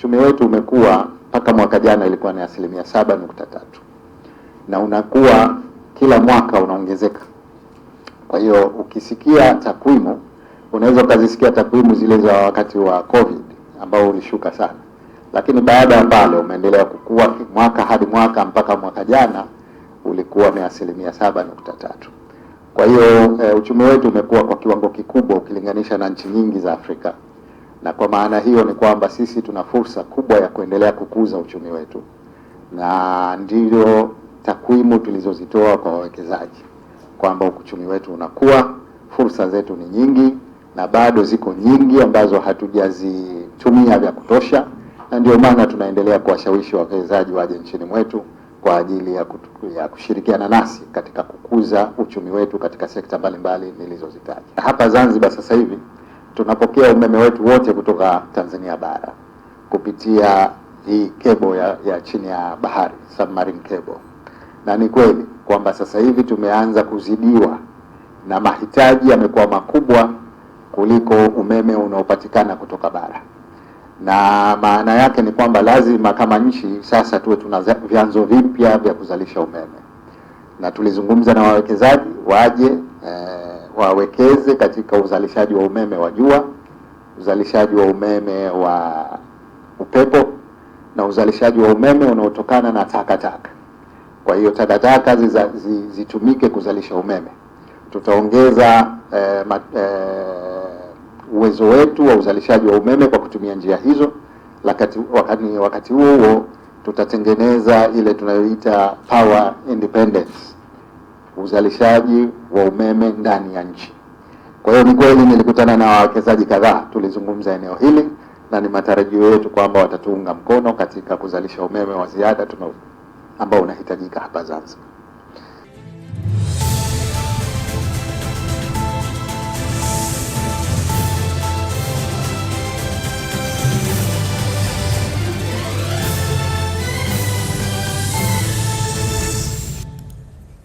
uchumi wetu umekuwa mpaka mwaka jana ilikuwa ni asilimia saba nukta tatu na unakuwa kila mwaka unaongezeka. Kwa hiyo ukisikia takwimu unaweza ukazisikia takwimu zile za wakati wa COVID ambao ulishuka sana, lakini baada ya pale umeendelea kukua mwaka hadi mwaka mpaka mwaka jana ulikuwa ni asilimia saba nukta tatu. Kwa hiyo e, uchumi wetu umekuwa kwa kiwango kikubwa ukilinganisha na nchi nyingi za Afrika na kwa maana hiyo ni kwamba sisi tuna fursa kubwa ya kuendelea kukuza uchumi wetu, na ndio takwimu tulizozitoa kwa wawekezaji kwamba uchumi wetu unakuwa, fursa zetu ni nyingi, na bado ziko nyingi ambazo hatujazitumia vya kutosha, na ndio maana tunaendelea kuwashawishi wawekezaji waje nchini mwetu kwa ajili ya, kutu, ya kushirikiana nasi katika kukuza uchumi wetu katika sekta mbalimbali nilizozitaja. Hapa Zanzibar sasa hivi tunapokea umeme wetu wote kutoka Tanzania bara kupitia hii kebo ya, ya chini ya bahari submarine cable, na ni kweli kwamba sasa hivi tumeanza kuzidiwa na mahitaji yamekuwa makubwa kuliko umeme unaopatikana kutoka bara, na maana yake ni kwamba lazima kama nchi sasa tuwe tuna vyanzo vipya vya kuzalisha umeme, na tulizungumza na wawekezaji waje eh, wawekeze katika uzalishaji wa umeme wa jua, uzalishaji wa umeme wa upepo na uzalishaji wa umeme unaotokana na takataka taka. Kwa hiyo takataka zitumike kuzalisha umeme. Tutaongeza eh, ma, eh, uwezo wetu wa uzalishaji wa umeme kwa kutumia njia hizo. Lakati, wakati huo wakati huo tutatengeneza ile tunayoita power independence uzalishaji wa umeme ndani ya nchi. Kwa hiyo ni kweli nilikutana na wawekezaji kadhaa, tulizungumza eneo hili na ni matarajio yetu kwamba watatuunga mkono katika kuzalisha umeme wa ziada ambao unahitajika hapa Zanzibar.